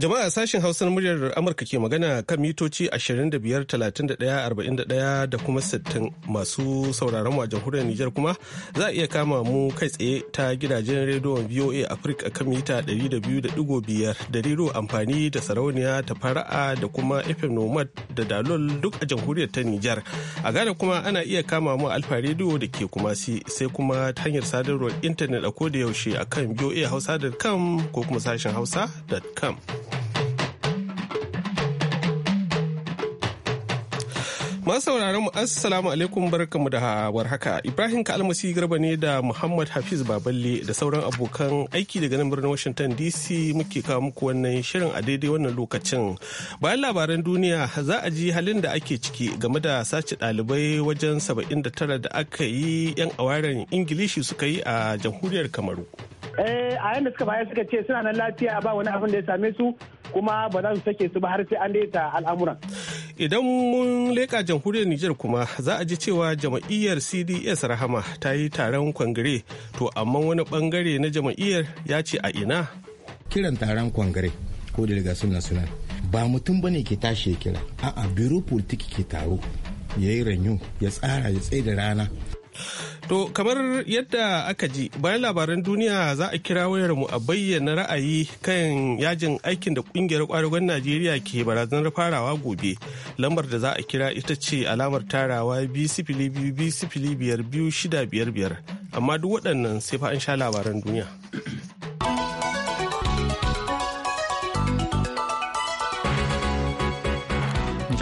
Jama'a sashen Hausa na muryar Amurka ke magana kan mitoci 25,31,41 da kuma 60 masu sauraron mu a jamhuriyar Nijar kuma za a iya kama mu kai tsaye ta gidajen rediyon VOA Africa kan mita 200.5 da rero amfani da sarauniya ta fara'a da kuma FM Nomad da Dalol duk a jamhuriyar ta Nijar. A gane kuma ana iya kama mu Alfa rediyo da ke kuma sai kuma ta hanyar sadarwar intanet a koda yaushe akan Hausa.com ko kuma sashen hausa.com. Masu sauraron mu assalamu alaikum barkamu da warhaka. Ibrahim Kalmasi Garba ne da Muhammad Hafiz Baballe da sauran abokan aiki daga nan birnin Washington DC muke kawo muku wannan shirin a daidai wannan lokacin. Bayan labaran duniya za a ji halin da ake ciki game da sace dalibai wajen 79 da aka yi 'yan awaren Ingilishi suka yi a jamhuriyar Kamaru. Eh, a yanda suka bayar suka ce suna nan lafiya ba wani abin da ya same su kuma ba za su sake su ba har sai an daita al'amuran. idan mun leƙa jamhuriyar Nijar kuma za a ji cewa jama'iyyar cds rahama ta yi taron kwangare to amma wani bangare na jama'iyyar ya ce a ina kiran taron kwangare ko da daga suna suna ba mutum bane ke tashi ya kira a'a biro politiki ke taro yayi yi ranyu ya tsara ya tsaye da rana To kamar yadda aka ji bayan labaran duniya za a kira wayarmu a bayyana ra'ayi kan yajin aikin da kungiyar kwadagon Najeriya ke barazanar farawa gobe. Lambar da za a kira ita ce alamar tarawa biyar biyu shida biyar biyar amma duk waɗannan sai fa an sha labaran duniya.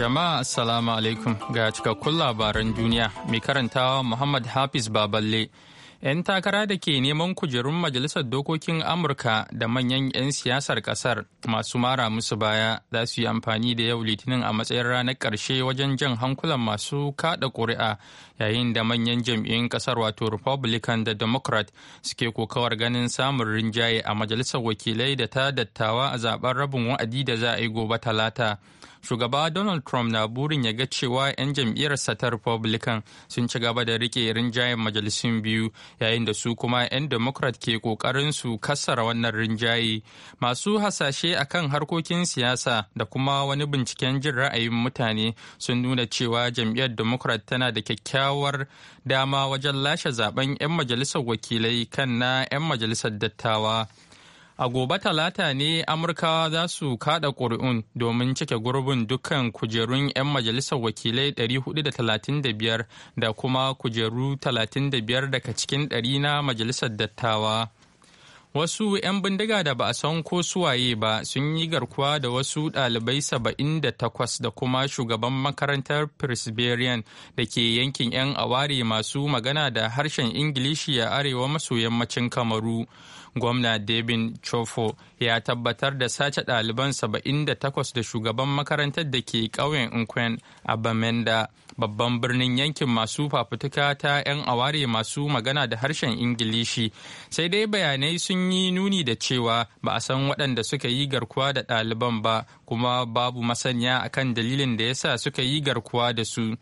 Jama'a Assalamu alaikum ga cikakkun labaran duniya mai karantawa Muhammad Hafiz Baballe. 'Yan takara da ke neman kujerun Majalisar Dokokin Amurka da manyan 'yan siyasar kasar masu mara musu baya za su yi amfani da yau Litinin a matsayin ranar ƙarshe wajen jan hankulan masu kaɗa ƙuri'a yayin da manyan jam'iyyun kasar wato Republican da Democrat suke kokawar ganin samun rinjaye a Majalisar Wakilai da ta dattawa a zaben rabin wa'adi da za a yi gobe Talata. shugaba donald trump na burin ya ga cewa 'yan jam'iyyarsa ta republican sun ci gaba da rike rinjayen majalisun biyu yayin da su kuma 'yan democrat ke kokarin su kassara wannan rinjaye masu hasashe a kan harkokin siyasa da kuma wani binciken jin ra'ayin mutane sun nuna cewa jam'iyyar democrat tana da kyakkyawar dama wajen lashe zaben 'yan majalisar wakilai kan na 'yan majalisar dattawa A gobe talata ne amurka za su kada ƙuri'un domin cike gurbin dukkan kujerun 'yan majalisar wakilai 435 da kuma kujeru 35 daga cikin 100 na majalisar dattawa. Wasu 'yan bindiga da ba a san ko suwaye ba sun yi garkuwa da wasu ɗalibai 78 da kuma shugaban makarantar Presbyterian da ke yankin 'yan aware masu magana da harshen Ingilishi a arewa maso yammacin Kamaru. gwamna David Chofo ya tabbatar da sace ɗaliban 78 da shugaban makarantar da ke ƙauyen Nkwen a Bamenda, babban birnin yankin masu fafutuka ta 'yan aware masu magana da harshen Ingilishi. Sai dai bayanai sun yi nuni da cewa ba a san waɗanda suka yi garkuwa da ɗaliban ba, kuma babu masaniya akan dalilin da ya sa suka yi garkuwa da su.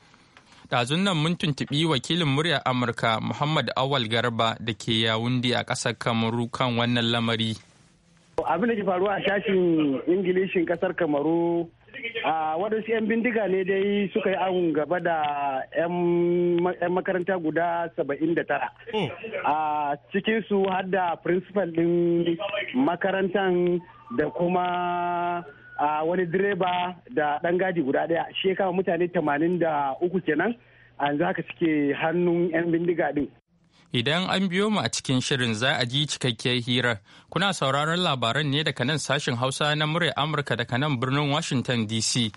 ɗazun nan mun tuntubi wakilin muryar amurka muhammad awal garba da ke yawundi a ƙasar kamaru kan wannan lamari abin da ke faruwa a shashin ingilishin ƙasar kamaru a waɗansu 'yan bindiga ne dai suka yi awon gaba da 'yan makaranta guda 79 hmm. a cikinsu har da principal ɗin makarantan da kuma a wani direba da ɗan gadi guda ɗaya shi ya kama mutane 83 kenan a yanzu haka cike hannun 'yan bindiga ɗin. Idan an biyo mu a cikin shirin za a ji cikakkiyar hira Kuna sauraron labaran ne daga nan sashen Hausa na murya Amurka daga nan birnin Washington DC.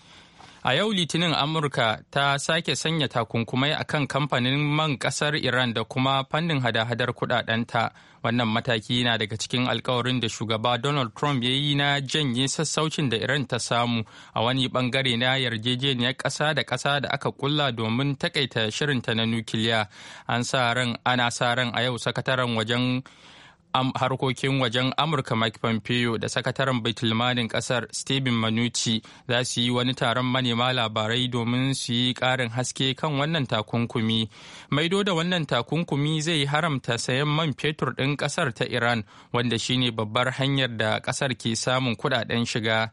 A yau Litinin Amurka ta sake sanya takunkumai a kan kamfanin man kasar Iran da kuma fannin hada-hadar kudadenta. Wannan mataki na daga cikin alkawarin da shugaba Donald Trump ya yi na janye sassaucin da Iran ta samu a wani bangare na yarjejeniyar ƙasa da ƙasa da aka kulla domin takaita shirinta na nukiliya. An sa ran ana sa ran a yau sakataren wajen harkokin wajen amurka mike pompeo da sakataren baitulmanin kasar stephen manucci za su yi wani taron manema labarai domin su yi karin haske kan wannan takunkumi maido da wannan takunkumi zai haramta sayan man fetur ɗin kasar ta iran wanda shine babbar hanyar da kasar ke samun kudaden shiga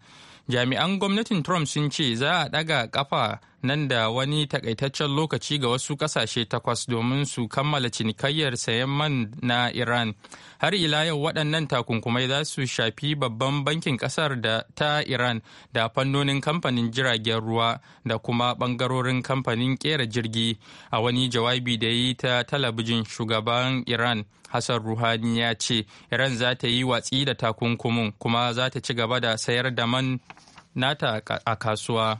jami'an gwamnatin trump sun ce za a ɗaga kafa nan da wani takaitaccen lokaci ga wasu kasashe takwas domin su kammala cinikayyar sayan man na Iran. Har ila yau waɗannan takunkumai za su shafi babban bankin ƙasar da ta Iran da fannonin kamfanin jiragen ruwa da kuma ɓangarorin kamfanin ƙera jirgi. A wani jawabi da yi ta talabijin shugaban Iran Hassan Ruhani ya ce Iran za ta yi watsi da takunkumin kuma za ta ci gaba da sayar da man nata a kasuwa.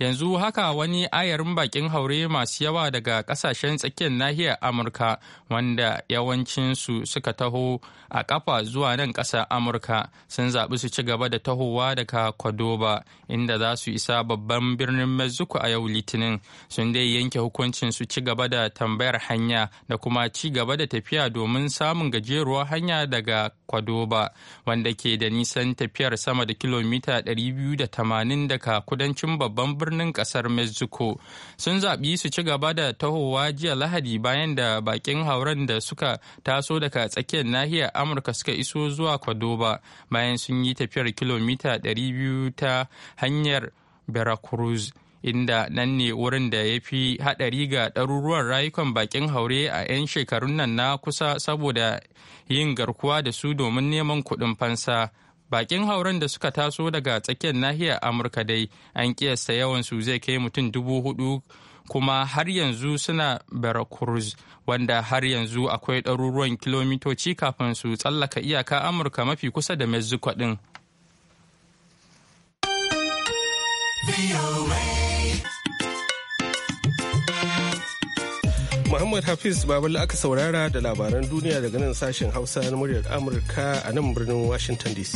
yanzu haka wani ayarin bakin haure masu yawa daga kasashen tsakiyar nahiyar amurka wanda yawancinsu suka taho a kafa zuwa nan kasar amurka sun zaɓi su ci gaba da tahowa daga kwadoba inda za su isa babban birnin mexico a yau litinin sun dai yanke hukuncin su ci gaba da tambayar hanya da kuma ci gaba da tafiya domin samun gajeruwar hanya daga kwadoba wanda ke da nisan tafiyar sama da kilomita 280 daga kudancin babban birnin birnin kasar mexico sun zaɓi su ci gaba da tahowa jiya lahadi bayan da bakin hauren da suka taso daga tsakiyar nahiyar amurka suka iso zuwa kwadoba bayan sun yi tafiyar kilomita 200 ta hanyar veracruz inda nan ne wurin da ya fi haɗari ga ɗaruruwan rayukan bakin haure a 'yan shekarun nan na kusa saboda yin garkuwa da su domin neman kuɗin fansa bakin hauren da suka taso daga tsakiyar nahiyar amurka dai an kiyasta yawan su zai kai mutum dubu hudu kuma har yanzu suna veracruz wanda har yanzu akwai ɗaruruwan kilomitoci kafin su tsallaka iyaka amurka mafi kusa da mexico ɗin. Muhammad Hafiz Baballa aka saurara da labaran duniya daga nan sashen Hausa na muryar Amurka a nan birnin Washington DC.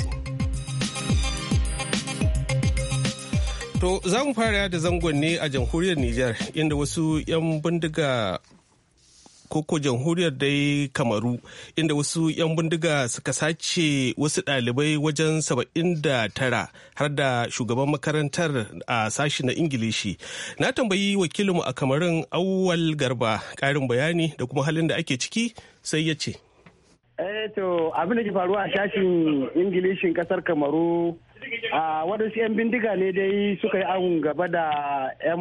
To za mu fara da zangon ne a jamhuriyar Nijar inda wasu 'yan bindiga koko jamhuriyar dai kamaru inda wasu 'yan bindiga suka sace wasu ɗalibai wajen saba'in da tara har da shugaban makarantar a sashi na ingilishi na tambayi wakilinmu a kamarun auwal garba ƙarin bayani da kuma halin da ake ciki sai ya ce Eh to abin da ke faruwa a shashin Ingilishin kasar Kamaru a waɗansu 'yan bindiga ne dai suka yi awun gaba da 'yan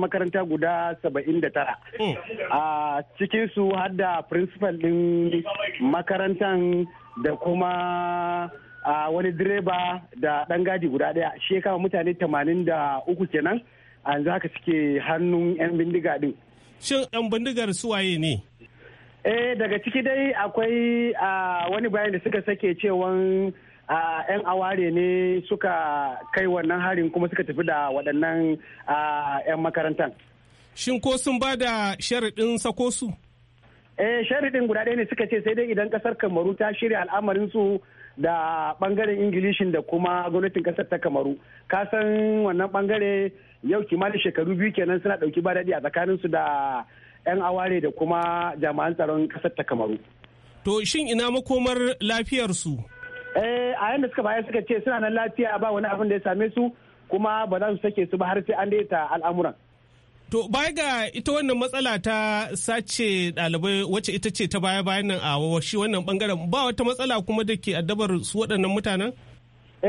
makaranta guda 79 hmm. a cikinsu har da principal ɗin makarantar da kuma a wani direba da ɗan gadi guda ɗaya shi kama mutane 83 kenan an za ka suke hannun 'yan bindiga ɗin. Shin 'yan bindigar suwaye ne? eh daga ciki dai akwai wani bayan da suka sake cewan yan aware ne suka kai wannan harin kuma suka tafi da waɗannan yan makarantar shin ko sun ba da sharaɗin sako su eh sharaɗin guda ɗaya ne suka ce sai dai idan ƙasar kamaru ta shirya al'amarin su da bangaren ingilishin da kuma gwamnatin ƙasar ta kamaru ka san wannan bangare yau kimanin shekaru biyu kenan suna ɗauki ba daɗi a tsakanin da 'yan aware da kuma jami'an tsaron kasar ta kamaru to shin ina makomar lafiyarsu eh a yanda suka baya suka ce suna nan lafiya ba wani abin da ya same su kuma ba za su sake su ba har sai an daita al'amuran To baya ga ita wannan matsala ta sace ɗalibai wacce ita ce ta baya bayan nan a shi wannan bangaren ba wata matsala kuma da ke addabar su waɗannan mutanen?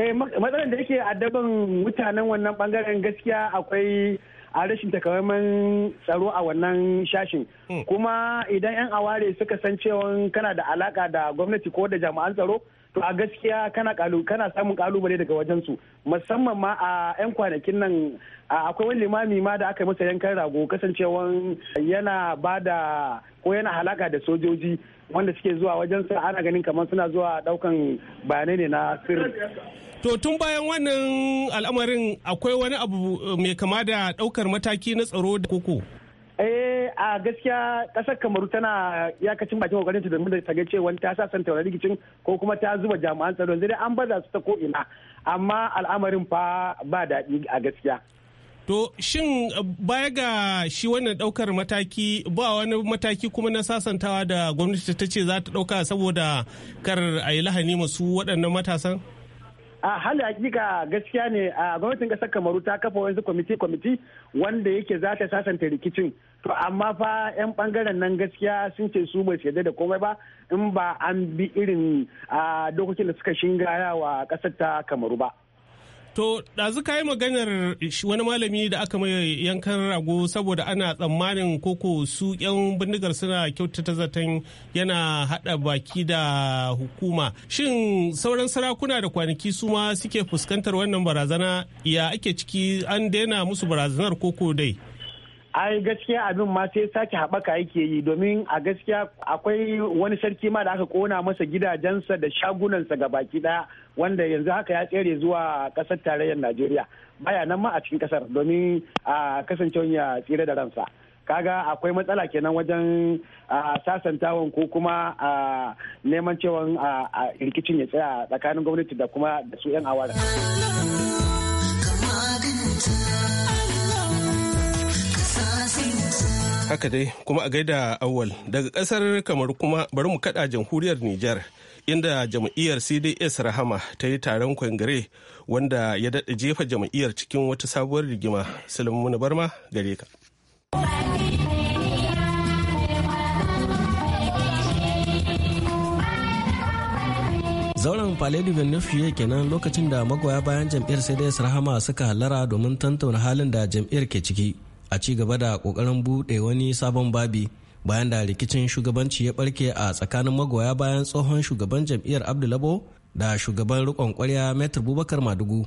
Eh matsalar da yake addaban mutanen wannan bangaren gaskiya akwai a rashin takamaiman tsaro a wannan shashin hmm. kuma idan 'yan aware suka san cewa kana da alaka da gwamnati ko da jami'an tsaro to a gaskiya kana kana samun kalubale daga wajensu musamman ma a 'yan kwanakin nan akwai wani limami ma da aka yi masa yankan rago kasancewa yana ba da ko yana halaka da sojoji wanda suke zuwa wajen sa ana ganin kamar suna zuwa daukan bayanai ne na sirri To tun bayan wannan al'amarin akwai wani abu eh, mai kama da ɗaukar mataki na tsaro da koko? Eh a gaskiya ƙasar Kamaru tana yakacin bakin kokarin ta domin ta ga cewa ta sa san wani rikicin ko kuma ta zuba jami'an tsaro yanzu dai an baza su ta ko ina amma al'amarin fa ba daɗi a gaskiya. To shin eh, baya ga shi wannan ɗaukar mataki ba wani mataki kuma na sasantawa da gwamnati ta ce za ta ɗauka saboda kar a yi lahani masu waɗannan matasan? a hali hakika gaskiya ne a gwamnatin kasar kamaru ta kafa wani kwamiti kwamiti wanda yake za ta sasanta rikicin to amma fa yan bangaren nan gaskiya sun ce su bai shaidar da komai ba in ba an bi irin dokokin da suka shingara wa kasar ta kamaru ba To, ɗazu ka yi maganar wani malami da aka mai yankan rago saboda ana tsammanin koko su 'yan bindigar suna kyautata zaton yana haɗa baki da hukuma. Shin sauran sarakuna da kwanaki su ma suke fuskantar wannan barazana ya ake ciki an daina musu barazanar koko dai? ai gaskiya abin ma sai sake haɓaka yake yi domin a gaskiya akwai wani sarki ma da aka kona masa gidajensa da shagunansa ga baki ɗaya wanda yanzu haka ya tsere zuwa ƙasar tarayyar najeriya baya nan ma a cikin ƙasar domin a kasance ya tsira da ransa kaga akwai matsala kenan wajen sasantawan ko kuma neman cewa rikicin ya tsaya tsakanin gwamnati da kuma da su 'yan awara. Haka dai kuma a gaida awal daga kasar kamar kuma bari mu kada jamhuriyar Nijar inda jam'iyyar CDS Rahama ta yi taron kwangare wanda ya daɗa jefa jam'iyyar cikin wata sabuwar rigima. Sulaimu Barma gare ka. zauren palais du fiye kenan lokacin da magoya bayan jam'iyyar cds rahama suka halara domin tantauna halin da jam'iyyar ke ciki a ci gaba da kokarin buɗe wani sabon babi bayan da rikicin shugabanci ya barke a tsakanin magoya bayan tsohon shugaban jam'iyyar abdulabo da shugaban rikon kwarya metr bubakar madugu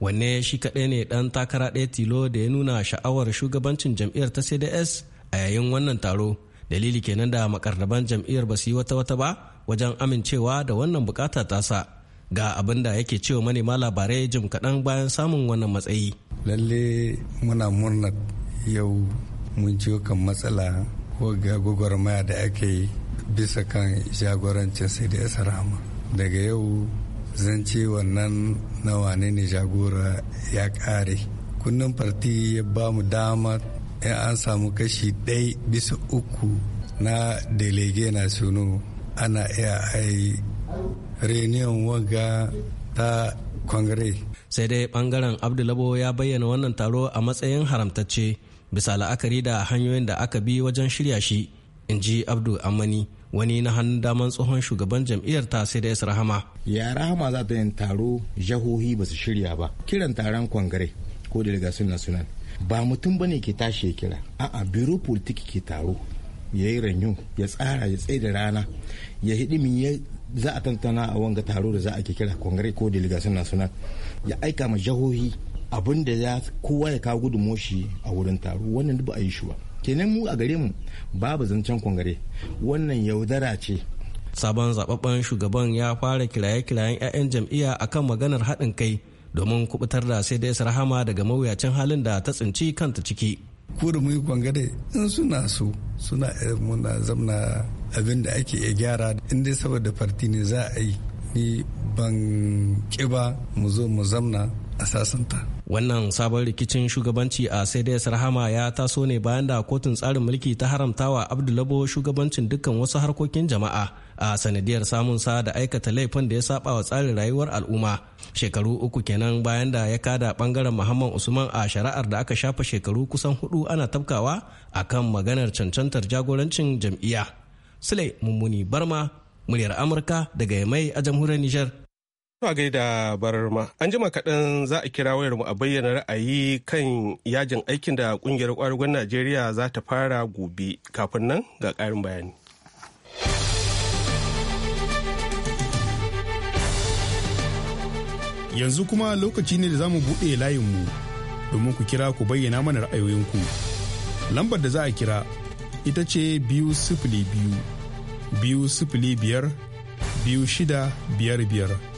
wanne shi kaɗai ne ɗan takara ɗaya tilo da ya nuna sha'awar shugabancin jam'iyyar ta cds a yayin wannan taro dalili kenan da makarraban jam'iyyar ba su yi wata wata ba wajen amincewa da wannan bukata tasa ga abin da yake cewa manema labarai jim kaɗan bayan samun wannan matsayi. Lalle muna murnar yau mun ciwo kan matsala ko ga maya da ake yi bisa kan jagorancin sai da daga yau zan ce wannan na wane ne jagora ya kare kunnen farti ya ba mu dama in an samu kashi ɗai bisa uku na delege na suno ana iya ai reunion waga ta kongre sai dai bangaren abdulabo ya bayyana wannan taro a matsayin haramtacce bisa la'akari da hanyoyin da aka bi wajen shirya shi in ji abdu amani wani na hannun daman tsohon shugaban jam'iyyar ta sai da rahama ya rahama za ta yin taro jahohi ba su shirya ba kiran taron kwangare ko delegation national ba mutum ba ne ke tashi ya kira a'a biro politiki ke taro ya yi ranyu ya tsara ya tsaye da rana ya hidimin ya za a tantana a wanga taro da za a ke kira kwangare ko delegation national ya aika ma jahohi abin da ya kowa ya kawo gudun shi a wurin taro wannan duk a yi shi kenan mu a gare mu babu zancen kwangare wannan yaudara ce sabon zababben shugaban ya fara kiraye-kirayen 'ya'yan jam'iyya akan maganar haɗin kai domin kubutar da sai dai rahama daga mawuyacin halin da ta tsinci kanta ciki ko mu yi kwangare in suna so suna eh, muna zamna abin da ake iya gyara in dai saboda farti ne za a yi ni ban ƙiba mu zo mu zamna a Wannan sabon rikicin shugabanci a sai dai Sarhama ya taso ne bayan da kotun tsarin mulki ta haramtawa Abdulabo shugabancin dukkan wasu harkokin jama'a a sanadiyar samun sa da aikata laifin da ya saba wa tsarin rayuwar al'umma. Shekaru uku kenan bayan da ya kada bangaren Muhammad Usman a shari'ar da aka shafa shekaru kusan hudu ana tafkawa kan maganar cancantar jagorancin jam'iyya. Sule Mummuni Barma, muryar Amurka daga Yamai a jamhuriyar Nijar. Tuwa a gaida bararma, an jima kaɗan za a kira wayarmu a bayyana ra'ayi kan yajin aikin da ƙungiyar ƙwarugon Najeriya za ta fara gobe kafin nan ga ƙarin bayani. Yanzu kuma lokaci ne da za mu buɗe layinmu domin ku kira ku bayyana mana ra'ayoyinku. Lambar da za a kira ita ce biyu sifili biyu, biyu sifili biyar, biyu shida biyar biyar.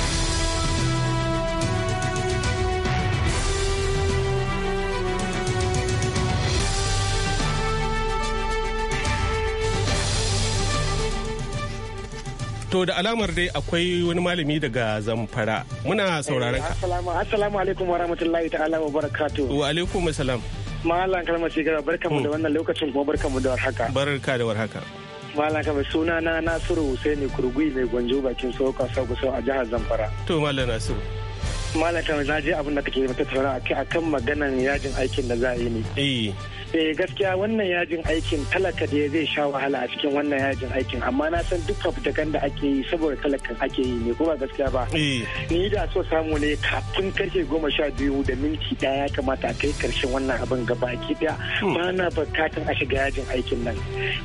To da alamar dai akwai wani malami daga Zamfara. Muna sauraron ka. Assalamu alaikum wa rahmatullahi ta'ala wa barakatuh. Wa alaikum assalam. Malam kalmar gaba barkamu da hmm. wannan lokacin kuma barkamu da warhaka. Barka da warhaka. Malam kamar suna na Nasiru Husaini Kurgui mai gwanjo bakin sauka sauka a jihar Zamfara. To Malam Nasiru. Malam kamar na je abin da kake tattauna kan maganan yajin aikin da za a yi ne. Eh. eh gaskiya wannan yajin aikin talaka da zai sha wahala a cikin wannan yajin aikin amma na san duk fafutukan da ake yi saboda talakan ake yi ne kuma gaskiya ba eh. ni da so samu ne kafin karfe goma sha biyu da minti daya ya kamata a kai karshen wannan abin gaba ki daya hmm. ba na bukatan a shiga yajin aikin nan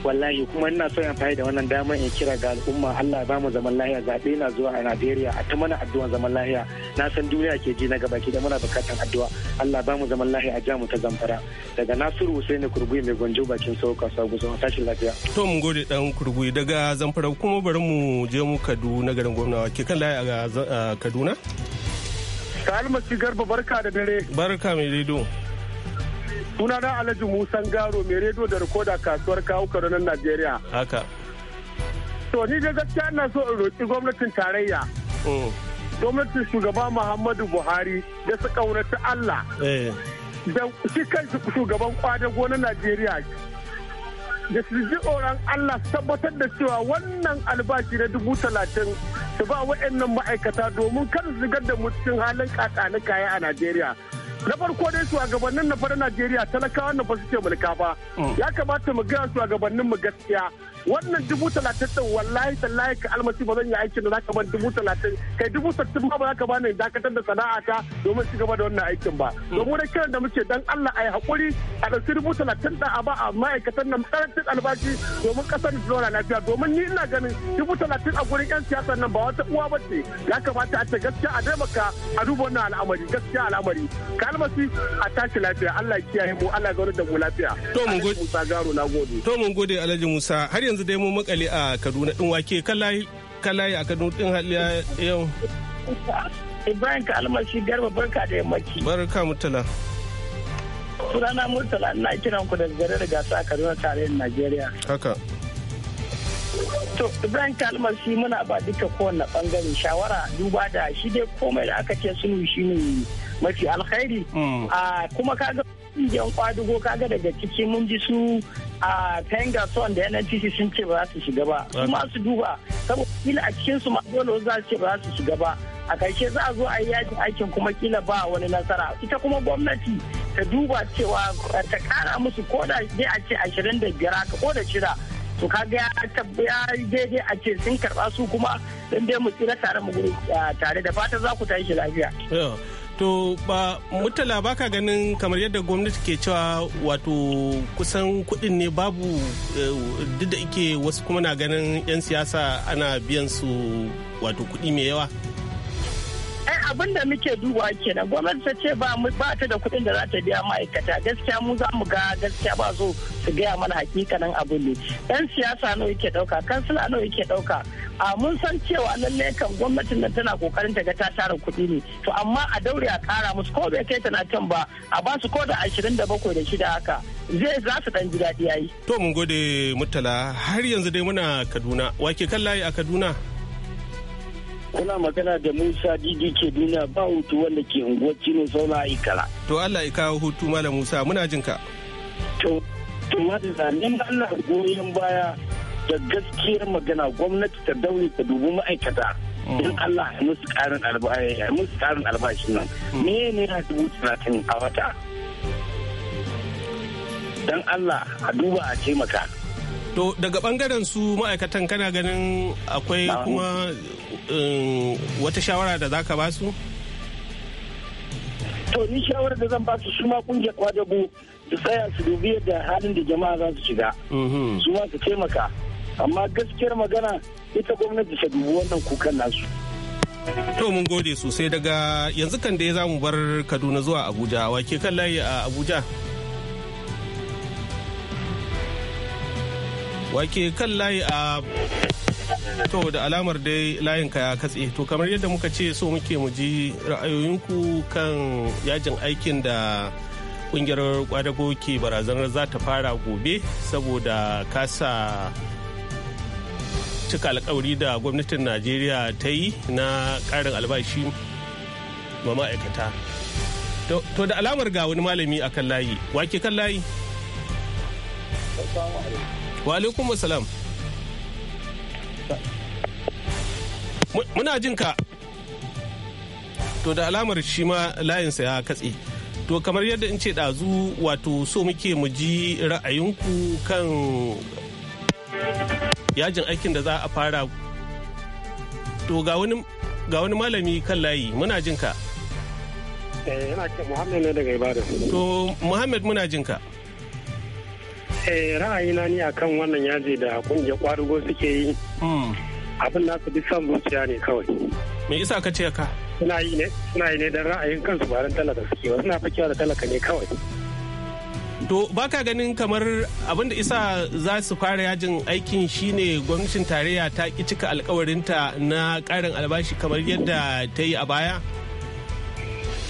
wallahi kuma ina so amfani da wannan damar in kira ga al'umma Allah ya bamu zaman lahiya zaɓe na zuwa a Najeriya a ta mana addu'an zaman lahiya na san duniya ke ji na gaba ki da muna bukatan addu'a Allah ya bamu zaman lahiya a jamu ta zamfara daga Nasiru Hussein Kurgui mai gwanjo bakin sauka sagu zama tashin lafiya. To mun gode dan Kurgui daga Zamfara kuma bari mu je mu Kaduna garin gwamna ke kan layi a Kaduna. Salma Garba barka da dare. Barka mai rediyo. Suna na Alhaji Musan Garo mai rediyo da rikoda kasuwar kawo Kaduna Najeriya. Haka. To ni da gaskiya ina so in roƙi gwamnatin tarayya. Mm. Gwamnatin shugaba Muhammadu Buhari da su ƙaunaci Allah. Eh. da shi kanshi shugaban kwadago na najeriya da su ji tsoron allah tabbatar da cewa wannan albashi na dubu talatin su ba wa'annan ma'aikata domin kan su zigar da mutum halin kakani kaya a najeriya na farko dai su shugabannin na fara najeriya talakawa na su ce mulka fa mm. ya kamata mu gaya shugabannin mu gaskiya wannan dubu talatin din wallahi tallahi ka almasi ba zan yi aikin da zaka ban dubu talatin kai dubu talatin ma ba zaka ba bani dakatar da sana'ata domin ci gaba da wannan aikin ba domin da kiran da muke dan Allah a yi hakuri a ɗauki dubu talatin da a ba a ma'aikatan nan karantin albashi domin ƙasar da zuwa lafiya domin ni ina ganin dubu talatin a gurin 'yan siyasar nan ba wata uwa ba ce ya kamata a ce gaskiya a taimaka a duba wannan al'amari gaskiya al'amari ka almasi a tashi lafiya Allah ya kiyaye mu Allah ya zaune da mu lafiya to mun gode to mun gode Alhaji Musa har yanzu yanzu dai mu makale a Kaduna din wake kalayi kalayi a Kaduna din haliya yau. Ibrahim ka almashi garba barka da yammaci. Barka mutala. Sunana Murtala ina kiran ku da gare da gasa a Kaduna tarayyar Najeriya. Haka. To Ibrahim ka almashi muna ba duka kowanne bangare shawara duba da shi dai komai da aka ce sunu shi ne mafi alkhairi. Mm. A ah, Kuma kaga kungiyar kwadugo kaga daga ciki mun ji su a son da nnpc sun ce ba za su shiga ba kuma su duba saboda kila a cikin su dole za su ce ba za su shiga ba a karshe za a zo a yi yajin aikin kuma kila ba wani nasara ita kuma gwamnati ta duba cewa eh, ta kara musu ko da dai a ce ashirin da biyar haka ko da shida to kaga ya daidai a ce sun karba su kuma don dai mu tsira tare mu eh, tare da fata za ku tashi lafiya. To ba mutala ba ka ganin kamar yadda gwamnati ke cewa wato kusan kuɗin ne babu eh, duk da ike wasu kuma na ganin 'yan siyasa ana biyan su wato kuɗi mai yawa abin da muke duba kenan gwamnati ta ce ba mu ba ta da kuɗin da za ta biya ma'aikata gaskiya mu za mu ga gaskiya ba zo su gaya mana hakikanin abin ne yan siyasa nawa yake ɗauka kansila nawa yake ɗauka a mun san cewa lallai kan gwamnatin nan tana kokarin ta ga ta tara kuɗi ne to amma a daure a ƙara musu ko bai kai tana kan ba a ba su ko da ashirin da bakwai da shida haka zai za su ɗan ji daɗi yayi. to mun gode murtala har yanzu dai muna kaduna wake kan layi a kaduna. kuna magana da Musa Didi ke duniya ba hutu wanda ke unguwar Cino a Ikala. To Allah ya kawo hutu Malam Musa muna jin ka. To to madalla ni Allah goyon baya da gaskiyar magana gwamnati ta daure ta dubi ma'aikata. Mm. Don Allah ya musu karin musu karin albashin nan. Mm. Me ne na dubu talatin a wata? Dan Allah a duba a taimaka. to daga bangaren su ma'aikatan kana ganin akwai kuma um, wata shawara da za ka ba su? to ni shawarar da zan ba su ma kungiyar kwadago su tsaya su dubi yadda halin da jama'a za su shiga mhm. su ma su taimaka amma gaskiyar magana ita gwamnati ta dubi wannan kukan nasu To mun gode sosai daga yanzu kan da ya zamu bar Kaduna zuwa Abuja wa ke kan layi a Abuja. wake kan layi a to da alamar dai layin ka ya katse to kamar yadda muka ce so muke mu ji ra'ayoyinku kan yajin aikin da kungiyar kwadago ke barazanar za ta fara gobe saboda kasa cika alkawari da gwamnatin najeriya ta yi na karin albashi ma ma'aikata to da alamar ga wani malami a kan layi wake kan layi wa alaikum salam muna jin ka to da alamar shi ma layinsa ya katse to kamar yadda in ce ɗazu wato so muke mu ji ra'ayinku kan yajin aikin da za a fara to ga wani malami kan layi muna jin ka eh yana ke muhammad ne daga ibadan to muhammad muna jin ka Eh, ra'ayina ne akan wannan yaji da kungiyar kwarugo suke yi hmm. abin su bi son zuciya ne kawai me isa ka ce ka suna yi ne suna yi ne don ra'ayin kansu ba talaka suke ba suna fakewa da talaka ne kawai to baka ganin kamar abinda da isa za su fara yajin aikin shine gwamnatin tarayya ta ki cika alkawarinta na karin albashi kamar yadda ta yi a baya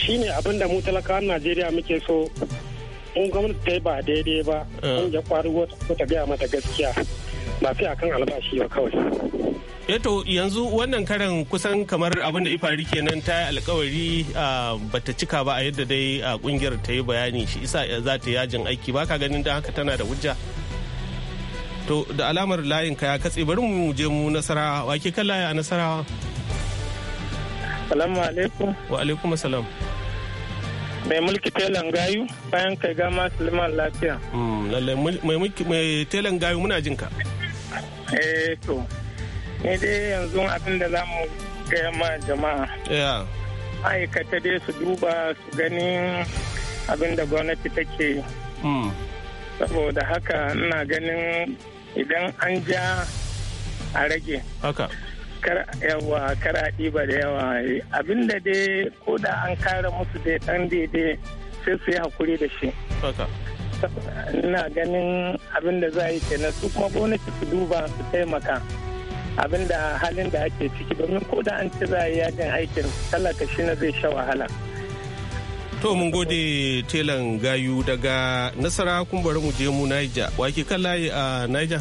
shine abinda da mu talakawan najeriya muke so in gwamnati ta yi ba daidai ba ƙungiyar eh. ƙwarigo ta gaya mata gaskiya ba sai akan albashi ba kawai eto eh yanzu wannan karan kusan kamar abin da ifari kenan ta yi alkawari ah, ba ta cika ba a yadda dai ah, kungiyar ta yi bayani shi isa za ta yajin aiki ba ka ganin da haka tana da hujja to da alamar layin ka ya katse bari mu je mu nasarawa wake kan laya a nasarawa salamu alaikum wa alaikum salam mai mulki telan gayu bayan kai gama suleiman lafiya. Hmm, lallai mai telan gayu muna jin ka. eh to ne dai yanzu abin da za mu gaya ma jama'a. ma'aikata dai su duba su gani abin da gwamnati take hmm. saboda haka ina ganin idan an ja a rage. haka. yawa kar a ba da yawa abinda dai ko da an kare musu dai dan daidai sai su yi hakuri da shi ina ganin abinda za yi kenan su kuma gwamnati su duba su taimaka abinda halin da ake ciki domin ko da an ci za a yi yajin aikin talaka shi na zai sha wahala To mun gode telan gayu daga nasara kun bari mu je mu Naija. ke kan layi a Naija?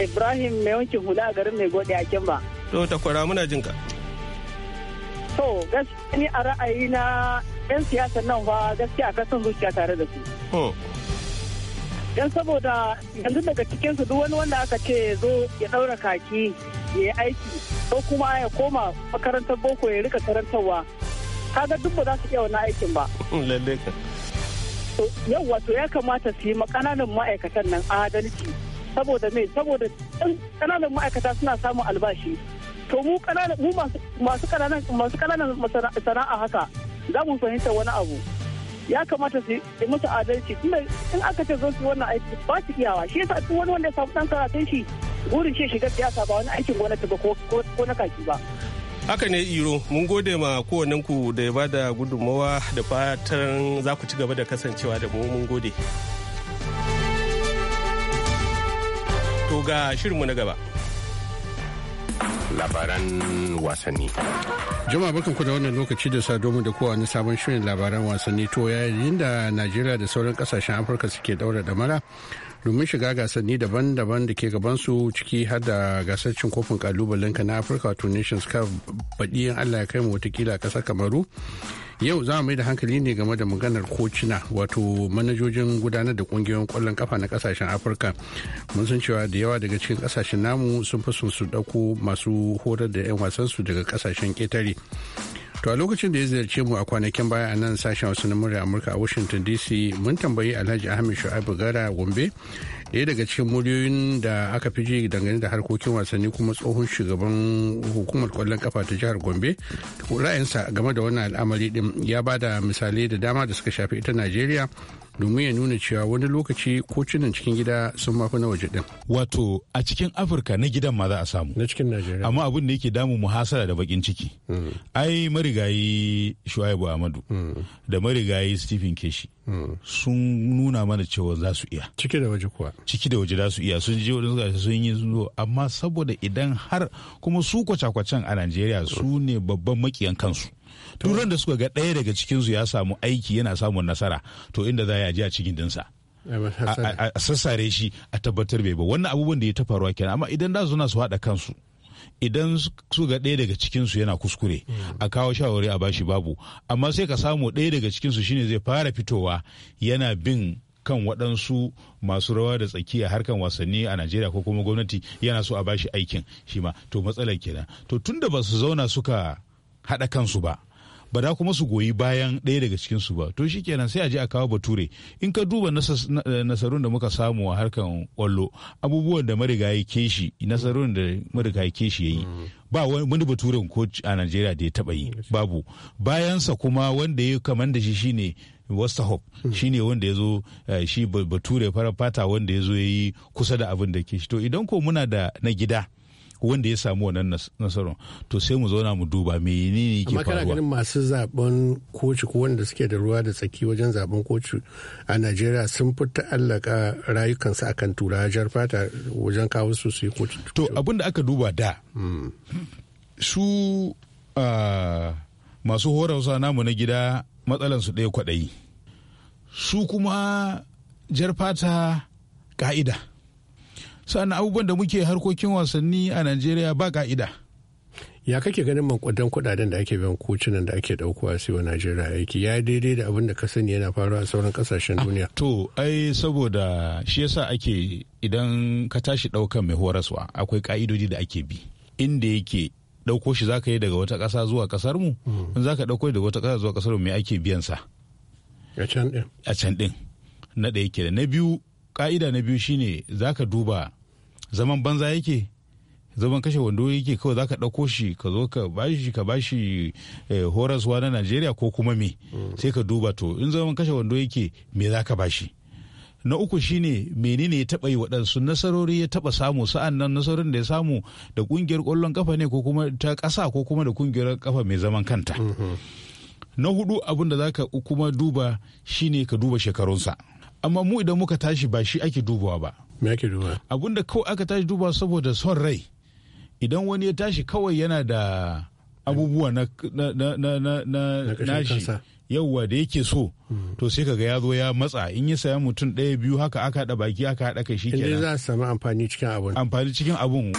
Ibrahim mai wankin hula a garin mai gode a Kimba. To takwara muna jin ka. To gaskiya ni a ra'ayi na 'yan siyasar nan fa gaskiya ka son zuciya tare da su. Oh. Don saboda yanzu daga cikinsu duk wani wanda aka ce zo ya ɗaura kaki ya yi aiki ko kuma ya koma makarantar boko ya rika karantarwa kaga duk ba za su iya wani aikin ba. Hmm, lalle ka. Yau wato ya kamata su yi makananan ma'aikatan nan adalci. saboda me saboda kananan ma'aikata suna samun albashi to mu masu kananan masu kananan sana'a haka za mu fahimta wani abu ya kamata su yi musu adalci tunda in aka ce zan su wannan aiki ba su iyawa shi yasa duk wani wanda ya samu dan karatun shi gurin shi shiga siyasa ba wani aikin gwamnati ba ko na kaki ba haka ne iro mun gode ma kowannen ku da ya bada gudunmawa da fatan za ku ci gaba da kasancewa da mu mun gode To ga shirinmu na gaba. Labaran wasanni. Juma bakan ku da wannan lokaci da sa domin da kowane sabon shirin labaran wasanni to yayin da Najeriya da sauran kasashen Afirka suke daura da mara. domin shiga gasanni daban-daban da ke gabansu ciki har da gasar cin kofin kalubalen na Afirka wato Nations Cup baɗi Allah ya kai mu watakila ƙasar Kamaru. yau za mu yi da hankali ne game da maganar kocina wato manajojin gudanar da kungiyoyin kwallon kafa na kasashen afirka mun san cewa da yawa daga cikin kasashen namu sun fi sun su dauko masu horar da 'yan wasansu daga kasashen ketare to a lokacin da ya ziyarce mu a kwanakin baya a nan sashen wasu na murya amurka a washington dc mun tambayi alhaji ahmed shu'aibu gara gombe ɗaya daga cikin muryoyin da aka fi ji dangane da harkokin wasanni kuma tsohon shugaban hukumar kwallon kafa ta jihar gombe ra'ayinsa game da wannan al'amari ɗin ya ba da misalai da dama da suka shafi ita najeriya domin ya nuna cewa wani lokaci kocinan cikin gida sun mafi na waje din. Wato a cikin Afirka na gidan ma za a samu. Na cikin Najeriya. Amma abin da yake damu muhasara da bakin ciki. Hmm. Ai marigayi Shuaibu Ahmadu hmm. da marigayi Stephen Keshi. Hmm. Sun nuna mana cewa za su iya. Ciki da waje kuwa. Ciki da waje za su iya sun je wajen gashi sun yi zuwa amma saboda idan har kuma su kwace-kwacen a Najeriya su ne babban makiyan kansu. turan da suka ga ɗaya daga cikinsu ya samu aiki yana samun nasara to inda za a ji a cikin dinsa a sassare shi a tabbatar bai ba wannan abubuwan da ya ta faruwa kenan amma idan da na su haɗa kansu idan su ga ɗaya daga cikinsu yana kuskure a kawo shawari a bashi babu amma sai ka samu ɗaya daga cikinsu shine zai fara fitowa yana bin kan waɗansu masu rawa da tsakiya harkan wasanni a najeriya ko kuma gwamnati yana so a bashi aikin shi ma to matsalar kenan to tunda ba su zauna suka haɗa kansu ba ba da kuma su goyi bayan ɗaya daga cikin su ba to shi shikenan sai a je a kawo bature in ka duba eh, nasarun da muka samu a harkan kwallo abubuwan da marigayi keshi nasarun da marigayi keshi yayi ba wani bature ko a Najeriya da ya taba yi babu bayansa kuma wanda ya kaman da shi shine Westerhoff hmm. shi ne wanda ya zo eh, shi bature farar fata wanda ya zo ya yi kusa da abin da ke shi to idan ko muna da na gida wanda ya samu wannan nasarar to sai mu zauna mu duba menene ke faruwa amma kana ganin masu zaben koci ko wanda suke da ruwa da tsaki wajen zaben koci a Najeriya sun fi ta'allaka rayukansu akan turawa jar fata wajen kawo su su yi koci to abin da aka duba da hmm. su masu horarsa namu na gida su ɗaya kwaɗayi su kuma jar fata ka'ida sannan abubuwan da muke harkokin wasanni a najeriya ba ka'ida ya kake ganin mankwadan kudaden da ake biyan kocinan da ake dauko a siwa najeriya aiki ya daidai da abin da ka sani yana faruwa a sauran kasashen ah, duniya to ai saboda shi yasa ake idan ka tashi daukan mai horaswa akwai ka'idodi da ake bi inda yake dauko shi zaka yi daga wata kasa zuwa kasar mu hmm. in zaka dauko daga wata kasa zuwa kasar mu me ake biyan sa a can din a can din na da yake da na biyu ka'ida na biyu shine zaka duba zaman banza yake zaman kashe wando yake kawai za ka ɗauko shi ka zo ka bashi ka bashi eh, horaswa na najeriya ko kuma me sai ka duba to in zaman kashe wando yake me za ka bashi na uku shine menene ya taɓa yi waɗansu nasarori ya taɓa samu sa'an nan nasarorin da ya samu da ƙungiyar ƙwallon kafa ne ko kuma ta ƙasa ko kuma da ƙungiyar kafa mai zaman kanta na hudu abin da za ka kuma duba shine ka duba shekarunsa amma mu idan muka tashi ba shi ake dubawa ba me da kawai aka tashi duba saboda son rai idan wani ya tashi kawai yana da abubuwa na nashi yauwa da yake so hmm. to sai kaga ya zo ya matsa in ya saya mutum ɗaya biyu haka aka haɗa baki aka haɗa kai shi kenan za a samu amfani cikin abun amfani cikin abun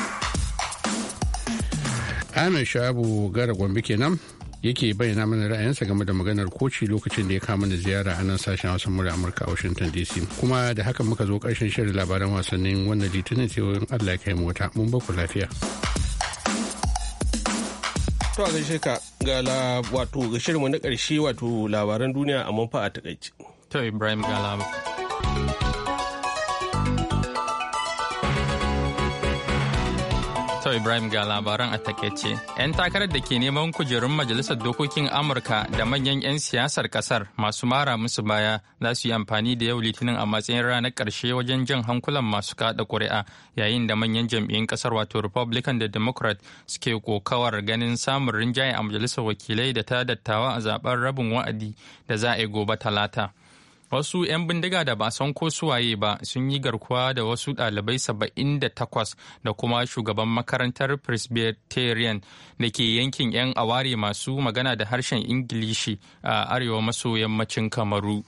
Ahmed Shabu Gara Gombe kenan yake bayyana mana ra'ayinsa game da maganar koci lokacin da ya kama da ziyara a nan sashen hausa mura amurka a washington dc kuma da haka muka zo karshen shirin labaran wasannin wannan litinin sai allah ya kai mota mun ba ku lafiya to a ka ga wato ga shirinmu na karshe wato labaran duniya a manfa a takaice to ibrahim galama Musau Ibrahim ga labaran a takaice. 'Yan takarar da ke neman kujerun Majalisar Dokokin Amurka da manyan 'yan siyasar kasar masu mara musu baya za su yi amfani da yau Litinin a matsayin ranar ƙarshe wajen jan hankulan masu kaɗa ƙuri'a yayin da manyan jam'iyyun kasar wato Republican da Democrat suke kokawar ganin samun rinjaye a Majalisar Wakilai da ta dattawa a zaben rabin wa'adi da za a yi gobe Talata. Wasu 'yan bindiga da ba san ko suwaye ba sun yi garkuwa da wasu dalibai saba'in da takwas da kuma shugaban makarantar Presbyterian da ke yankin 'yan aware masu magana da harshen Ingilishi a arewa maso yammacin Kamaru.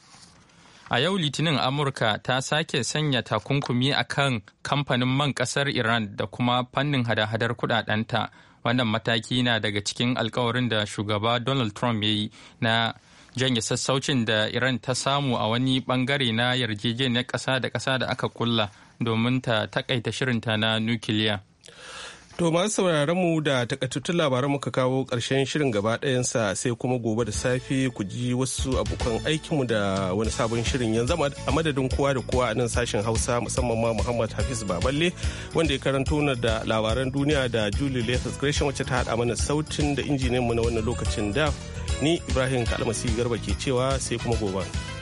A yau Litinin Amurka ta sake sanya takunkumi a kan kamfanin man kasar Iran da kuma fannin hada-hadar kudadenta. Wannan mataki na daga cikin alkawarin da shugaba Donald Trump ya yi na janye sassaucin da iran ta samu a wani bangare na yarjejeniyar ƙasa da ƙasa da aka kulla domin ta takaita shirinta na nukiliya. To masu sauraron mu da takaitattun labaran muka kawo ƙarshen shirin gaba ɗayansa sai kuma gobe da safe ku ji wasu abokan aikinmu da wani sabon shirin yanzu a madadin kowa da kowa a nan sashen Hausa musamman ma Muhammad Hafiz Baballe wanda ya karanto na da labaran duniya da Julie Lathis Gresham wacce ta haɗa mana sautin da injiniyan mu na wannan lokacin da ni Ibrahim Kalmasi Garba ke cewa sai kuma gobe.